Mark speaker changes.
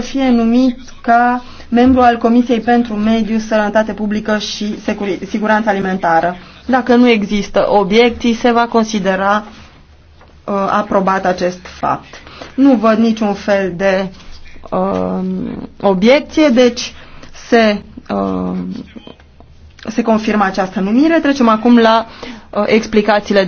Speaker 1: să fie numit ca membru al Comisiei pentru Mediu, Sănătate Publică și Siguranță Alimentară. Dacă nu există obiecții, se va considera uh, aprobat acest fapt. Nu văd niciun fel de uh, obiecție, deci se, uh, se confirmă această numire. Trecem acum la uh, explicațiile